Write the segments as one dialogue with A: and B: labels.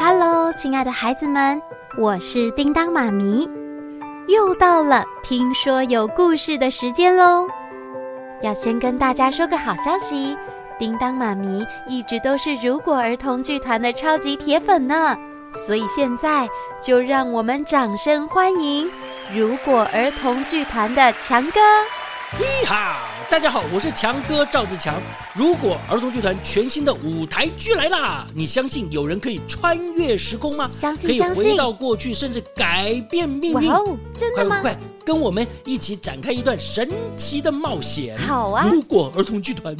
A: Hello，親愛的孩子們，我是叮噹媽咪，又到了聽說有故事的時間嘍！要先跟大家說個好消息，叮噹媽咪一直都是如果兒童劇團的超級鐵粉呢，所以現在就讓我們掌聲歡迎如果兒童劇團的強哥！大家好，我是強哥趙自強。如果兒童劇團全新的舞台劇來啦，你相信有人可以穿越時空嗎？相信，可以回到過去，相信。甚至改變命運。哇哦，真的嗎？快快跟我們一起展開一段神奇的冒險。好啊。如果兒童劇團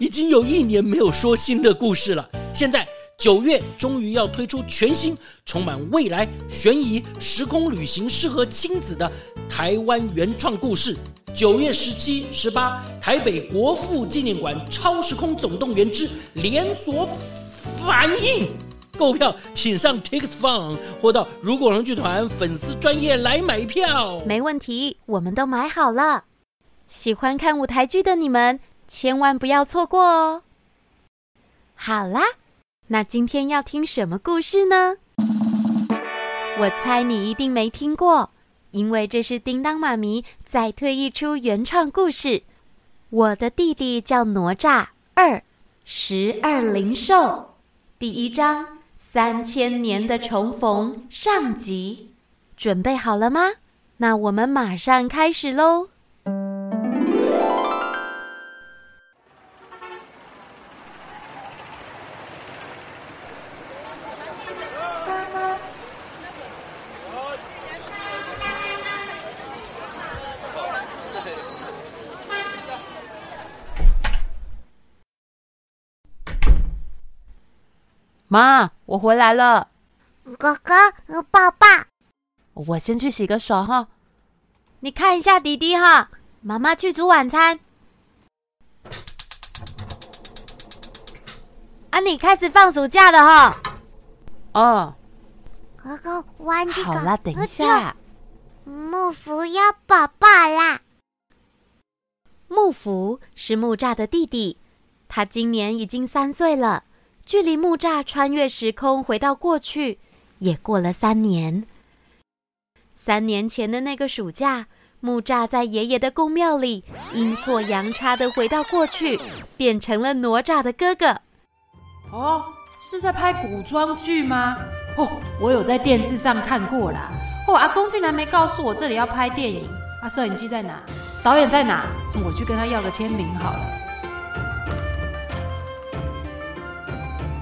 A: 已經有一年沒有說新的故事了，現在。九月終於要推出全新、充滿未來、懸疑、時空旅行、適合親子的台灣原創故事。九月十七、十八，台北國父紀念館《超時空總動員之連鎖反應》購票，請上 Tix Fun 或到如果兒劇團粉絲專頁來買票。沒問題，我們都買好了。喜歡看舞台劇的你們，千萬不要錯過哦。好啦。那今天要聽什麼故事呢？我猜你一定沒聽過，因為這是叮噹媽咪在推一出原創故事，《我的弟弟叫哪吒2》十二靈獸第一章《三千年的重逢》上集。準備好了嗎？那我們馬上開始嘍！媽，我回來了。哥哥，爸爸。我先去洗個手哈。你看一下弟弟哈。媽媽去煮晚餐。啊，你開始放暑假了哈。哦。哥哥玩這個。好啦，等一下。木福要寶寶啦。木福是木柵的弟弟，他今年已經三歲了。距離木柵穿越時空回到過去，也過了三年。三年前的那個暑假，木柵在爺爺的宮廟裡，陰錯陽差的回到過去，變成了哪吒的哥哥。哦，是在拍古裝劇嗎？哦，我有在電視上看過啦。哦，阿公竟然沒告訴我這裡要拍電影。啊，攝影機在哪？導演在哪？我去跟他要個簽名好了。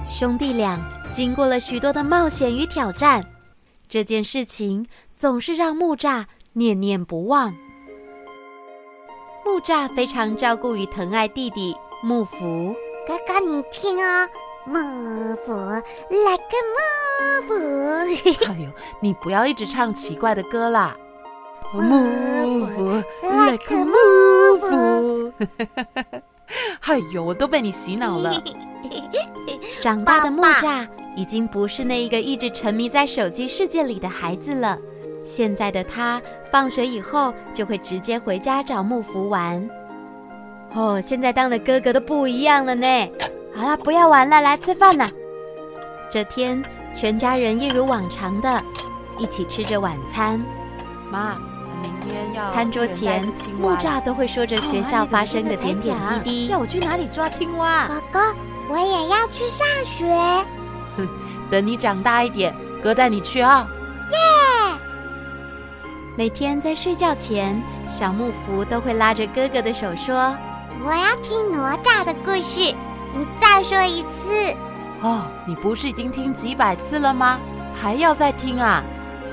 A: 兄弟倆經過了許多的冒險與挑戰，這件事情總是讓木柵念念不忘。木柵非常照顧與疼愛弟弟木福。哥哥，你聽啊、哦，木福 like a move. 哎呦，你不要一直唱奇怪的歌啦。木福 like 木福 哎呦，我都被你洗腦了。長大的木柵已經不是那一個一直沉迷在手機世界裡的孩子了，現在的他放學以後就會直接回家找木福玩。哦，現在當的哥哥都不一樣了呢。好了，不要玩了，來吃飯了。這天，全家人一如往常的，一起吃着晚餐。媽，明天要餐桌前木柵都會說着學校發生的點點滴滴。要我去哪裡抓青蛙？哥哥。我也要去上學。哼，等你長大一點，哥帶你去啊。耶！Yeah! 每天在睡覺前，小木福都會拉着哥哥的手說：“我要聽哪吒的故事。”你再說一次。哦，你不是已經聽幾百次了嗎？還要再聽啊？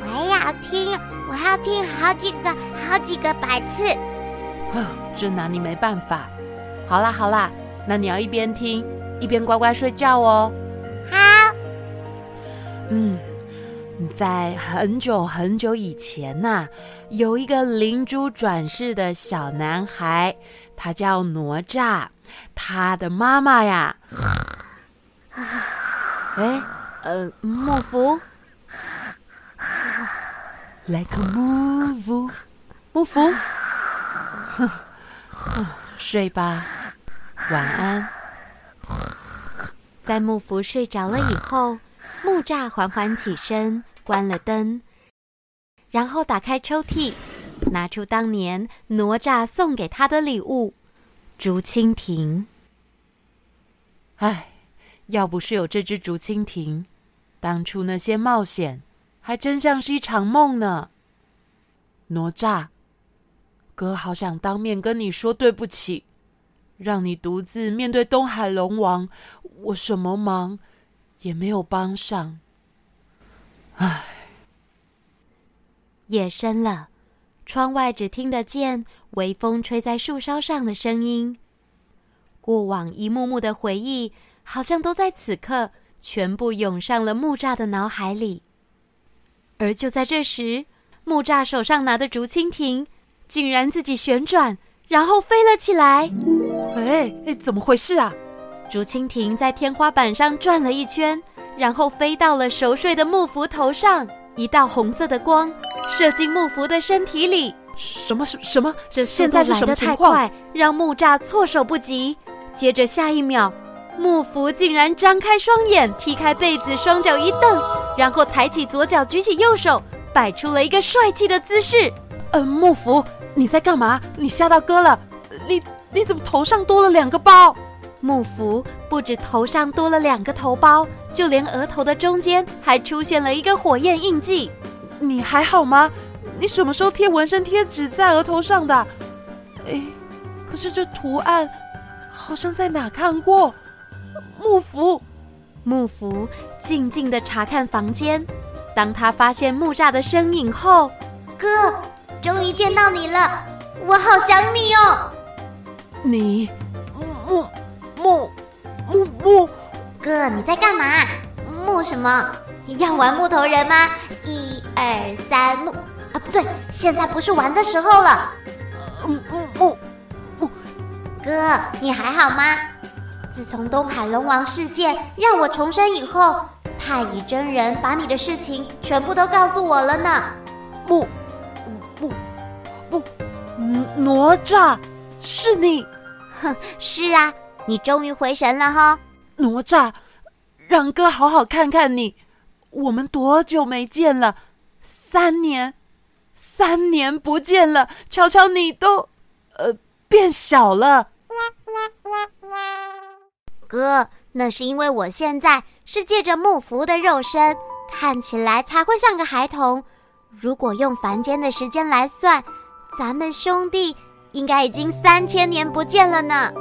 A: 我要聽，我要聽好幾個、好幾個百次。哼，真拿你沒辦法。好啦好啦，那你要一邊聽。一邊乖乖睡覺哦。好、啊。嗯，在很久很久以前吶、啊，有一個靈珠轉世的小男孩，他叫哪吒。他的媽媽呀，哎、 欸，呃，move，來個 move，move，睡吧，晚安。在木福睡着了以後，木柵緩緩起身，關了燈，然後打開抽屜，拿出當年哪吒送給他的禮物——竹蜻蜓。唉，要不是有這隻竹蜻蜓，當初那些冒險還真像是一場夢呢。哪吒，哥好想當面跟你說對不起。讓你獨自面對東海龍王，我什麼忙也沒有幫上。唉，夜深了，窗外只聽得見微風吹在樹梢上的聲音。過往一幕幕的回憶，好像都在此刻全部湧上了木柵的腦海裡。而就在這時，木柵手上拿的竹蜻蜓竟然自己旋轉。然後飛了起來。哎哎，怎麼回事啊？竹蜻蜓在天花板上轉了一圈，然後飛到了熟睡的木福頭上。一道紅色的光射進木福的身體裡。什麼什什麼？什麼，這速度來得太快，什麼情況？讓木柵措手不及。接着下一秒，木福竟然張開雙眼，踢開被子，雙腳一蹬，然後抬起左腳，舉起右手，擺出了一個帥氣的姿勢。嗯、呃，木福。你在幹嘛？你嚇到哥了！你你怎麼頭上多了兩個包？木福不止頭上多了兩個頭包，就連額頭的中間還出現了一個火焰印記。你還好嗎？你什麼時候貼紋身貼紙在額頭上的？哎，可是這圖案好像在哪看過。木福，木福靜靜地查看房間。當他發現木柵的身影後，哥。終於見到你了，我好想你喲、哦！你木木木木木哥，你在幹嘛？木什麼？要玩木頭人嗎？一二三木，啊，不對，現在不是玩的時候了。嗯嗯木木，木哥，你還好嗎？自從東海龍王事件讓我重生以後，太乙真人把你的事情全部都告訴我了呢。木不，不哪，哪吒，是你？哼，是啊，你終於回神了哈、哦。哪吒，讓哥好好看看你。我們多久沒見了？三年，三年不見了。瞧瞧你都，呃，變小了。哥，那是因為我現在是借着木符的肉身，看起來才會像個孩童。如果用凡間的時間來算，咱們兄弟應該已經三千年不見了呢。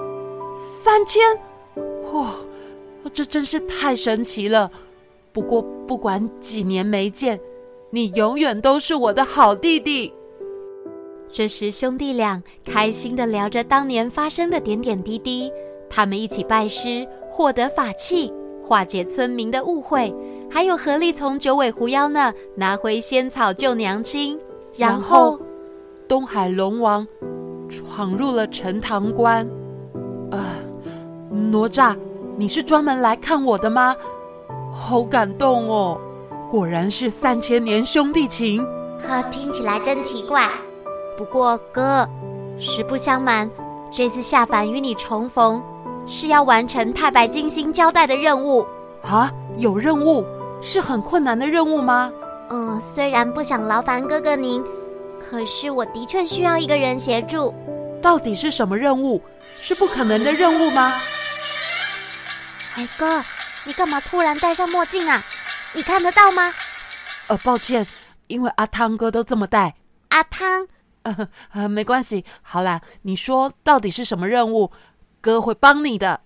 A: 三千，哇、哦，這真是太神奇了。不過不管幾年沒見，你永遠都是我的好弟弟。這時，兄弟倆開心地聊着當年發生的點點滴滴。他們一起拜師，獲得法器，化解村民的誤會。還有合力從九尾狐妖那拿回仙草救娘親，然後，然後東海龍王闖入了陳塘關。啊、呃，哪吒，你是專門來看我的嗎？好感動哦，果然是三千年兄弟情。呵、哦，聽起來真奇怪。不過哥，實不相瞞，這次下凡與你重逢，是要完成太白金星交代的任務。啊，有任務。是很困難的任務嗎？嗯、呃，雖然不想勞煩哥哥您，可是我的確需要一個人協助。到底是什麼任務？是不可能的任務嗎？海哥，你幹嘛突然戴上墨鏡啊？你看得到嗎？呃，抱歉，因為阿湯哥都這麼戴。阿湯，嗯、呃呃，沒關係。好啦，你說到底是什麼任務？哥會幫你的。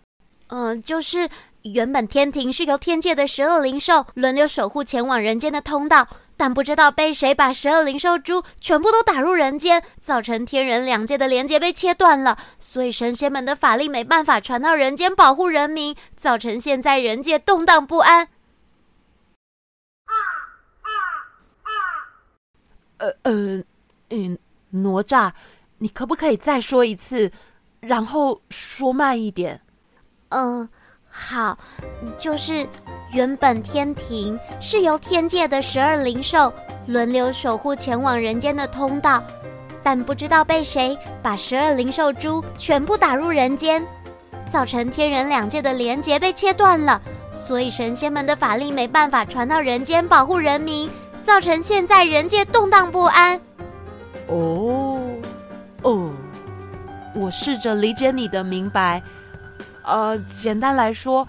A: 嗯、呃，就是。原本，天庭是由天界的十二靈獸輪流守護前往人間的通道，但不知道被誰把十二靈獸珠全部都打入人間，造成天人兩界的連接被切斷了，所以神仙們的法力沒辦法傳到人間保護人民，造成現在人界動盪不安。啊啊啊！呃呃嗯，哪吒，你可不可以再說一次，然後說慢一點？嗯。好，就是原本天庭是由天界的十二靈獸輪流守護前往人間的通道，但不知道被誰把十二靈獸珠全部打入人間，造成天人兩界的連結被切斷了，所以神仙們的法力沒辦法傳到人間保護人民，造成現在人界動盪不安。哦，哦，我試着理解你的明白。呃，簡單來說，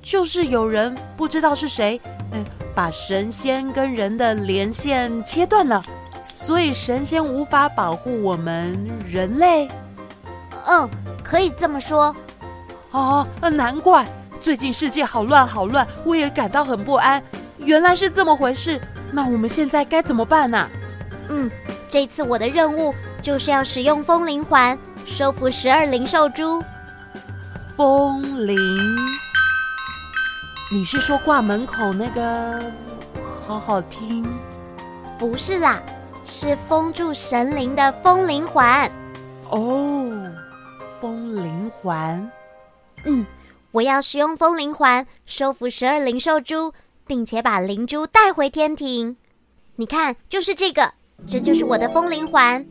A: 就是有人不知道是誰，嗯，把神仙跟人的連線切斷了，所以神仙無法保護我們人類。嗯，可以這麼說。哦，難怪最近世界好亂好亂，我也感到很不安。原來是這麼回事，那我們現在該怎麼辦呢？啊？嗯，這次我的任務就是要使用風鈴環收服十二靈獸珠。風鈴，你是說掛門口那個？好好聽。不是啦，是封住神靈的風鈴環。哦，風鈴環。嗯，我要使用風鈴環收服十二靈獸珠，並且把靈珠帶回天庭。你看，就是這個，這就是我的風鈴環。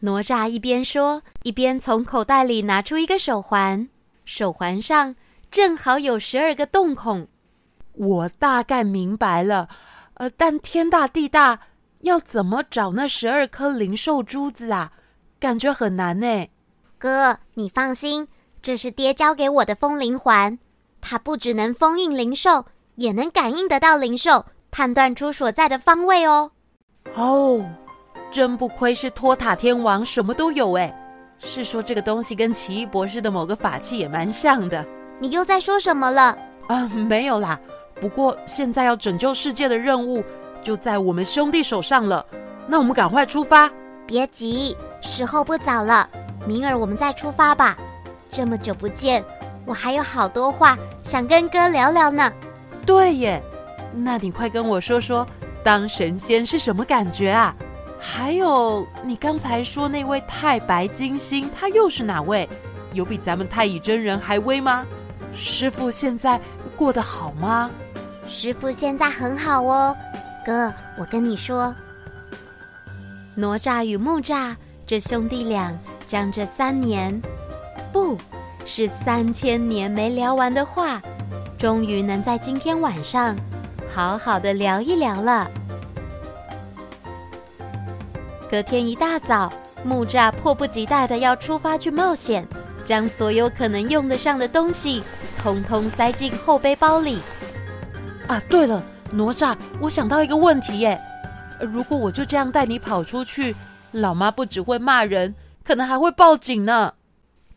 A: 哪吒、哦、一邊說，一邊從口袋裡拿出一個手環。手環上正好有十二個洞孔，我大概明白了。呃，但天大地大，要怎麼找那十二顆靈獸珠子啊？感覺很難呢。哥，你放心，這是爹交給我的封靈環，它不只能封印靈獸，也能感應得到靈獸，判斷出所在的方位哦。哦，真不愧是托塔天王，什麼都有哎。是說這個東西跟奇異博士的某個法器也蠻像的。你又在說什麼了？啊、呃，沒有啦。不過現在要拯救世界的任務就在我們兄弟手上了，那我們趕快出發。別急，時候不早了，明兒我們再出發吧。這麼久不見，我還有好多話想跟哥聊聊呢。對耶，那你快跟我說說，當神仙是什麼感覺啊？還有，你剛才說那位太白金星，他又是哪位？有比咱們太乙真人還威嗎？師傅現在過得好嗎？師傅現在很好哦。哥，我跟你說，哪吒與木吒這兄弟倆，將這三年，不是三千年沒聊完的話，終於能在今天晚上，好好的聊一聊了。隔天一大早，木柵迫不及待地要出發去冒險，將所有可能用得上的東西通通塞進後背包裡。啊，對了，哪吒，我想到一個問題耶。如果我就這樣帶你跑出去，老媽不只會罵人，可能還會報警呢。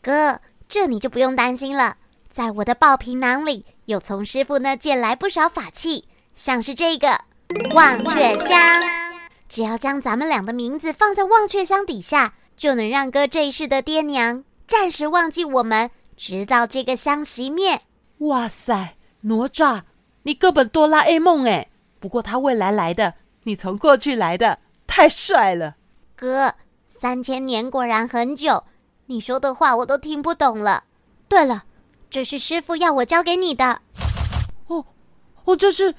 A: 哥，這你就不用擔心了，在我的豹皮囊裡有從師傅那借來不少法器，像是這個忘卻香。只要將咱們倆的名字放在忘卻香底下，就能讓哥這一世的爹娘暫時忘記我們，直到這個香熄滅。哇塞，哪吒，你根本哆啦 A 夢哎！不過他未來來的，你從過去來的，太帥了。哥，三千年果然很久，你說的話我都聽不懂了。對了，這是師父要我交給你的。哦，哦，這是，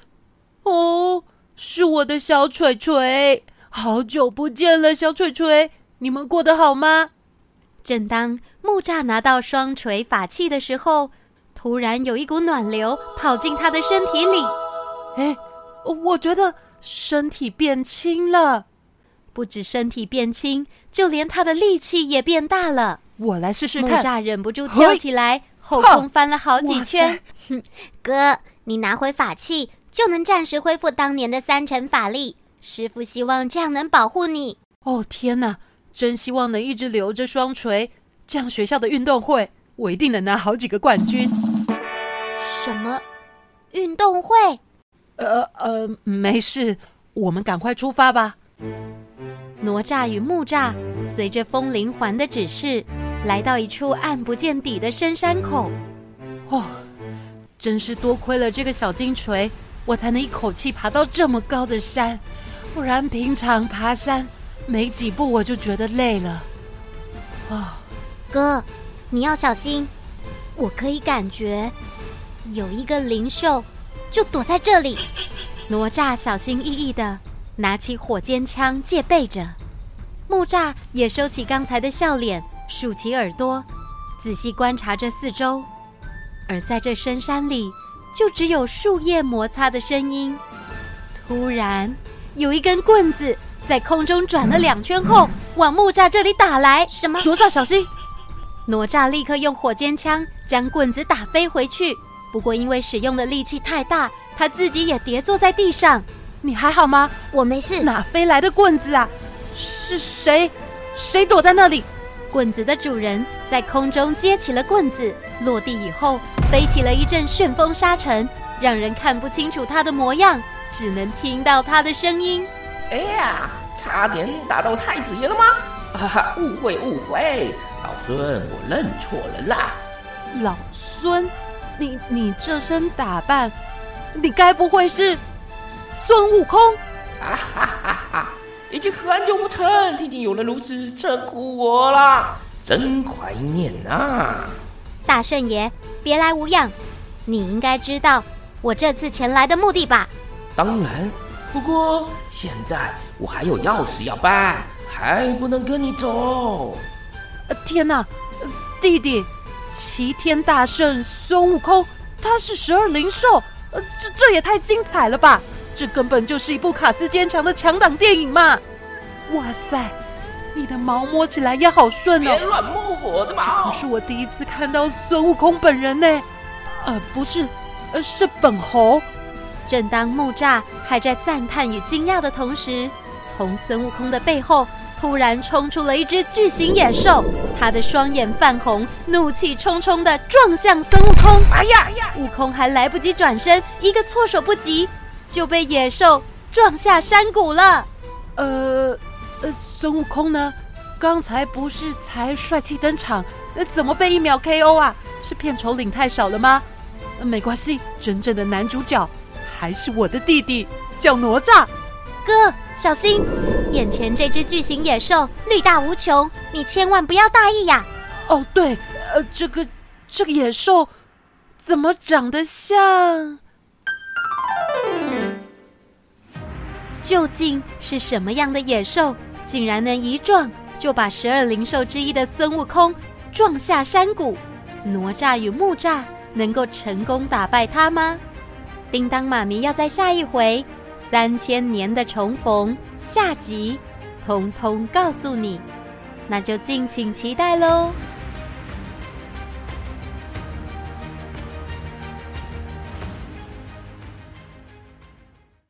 A: 哦。是我的小錘錘，好久不見了，小錘錘，你們過得好嗎？正當木柵拿到雙錘法器的時候，突然有一股暖流跑進他的身體裡。誒，我覺得身體變輕了，不止身體變輕，就連他的力氣也變大了。我來試試看。木柵忍不住跳起來，嘿後空翻了好幾圈。塞哥，你拿回法器，就能暫時恢復當年的三成法力。師傅希望這樣能保護你。哦，天哪，真希望能一直留着雙錘，這樣學校的運動會我一定能拿好幾個冠軍。什麼？運動會？呃呃，沒事，我們趕快出發吧。哪吒與木吒隨着風鈴環的指示，來到一處暗不見底的深山口。哦，真是多虧了這個小金錘。我才能一口氣爬到這麼高的山，不然平常爬山沒幾步我就覺得累了。啊、哦，哥，你要小心！我可以感覺有一個靈獸就躲在這裡。哪吒小心翼翼的拿起火尖槍戒備着，木吒也收起剛才的笑臉，豎起耳朵仔細觀察着四周，而在這深山裡。就只有樹葉摩擦的聲音。突然，有一根棍子在空中轉了兩圈後，往木柵這裡打來。什麼？哪吒小心！哪吒立刻用火尖槍將棍子打飛回去。不過因為使用的力氣太大，他自己也跌坐在地上。你還好嗎？我沒事。哪飛來的棍子啊？是誰？誰躲在那裡？棍子的主人在空中接起了棍子，落地以後飛起了一陣旋風沙塵，讓人看不清楚他的模樣，只能聽到他的聲音。哎呀，差點打到太子爺了嗎？哈、啊、哈，誤會誤會，老孫我認錯人啦。老孫，你你這身打扮，你該不會是孫悟空？啊哈哈哈。已經很久不曾聽見有人如此稱呼我了，真懷念吶、啊！大聖爺，別來無恙？你應該知道我這次前來的目的吧？當然，不過現在我還有要事要辦，還不能跟你走。呃、天哪、呃！弟弟，齊天大聖孫悟空，他是十二靈獸，呃，這這也太精彩了吧！這根本就是一部卡司堅強的強檔電影嘛！哇塞，你的毛摸起來也好順哦。別亂摸我的毛！這可是我第一次看到孫悟空本人呢。呃，不是，呃，是本猴。正當木吒還在讚嘆與驚訝的同時，從孫悟空的背後突然衝出了一隻巨型野獸，他的雙眼泛紅，怒氣沖沖的撞向孫悟空。哎呀哎呀！哎呀，悟空還來不及轉身，一個措手不及。就被野獸撞下山谷了。呃，呃，孫悟空呢？剛才不是才帥氣登場，那，呃，怎麼被一秒 KO 啊？是片酬領太少了嗎，呃？沒關係，真正的男主角還是我的弟弟，叫哪吒。哥，小心！眼前這只巨型野獸力大無窮，你千萬不要大意呀，啊。哦，對，呃，這個這個野獸怎麼長得像？究竟是什麼樣的野獸，竟然能一撞就把十二靈獸之一的孫悟空撞下山谷？哪吒與木吒能夠成功打敗他嗎？叮噹媽咪要在下一回三千年的重逢下集，通通告訴你，那就敬請期待嘍。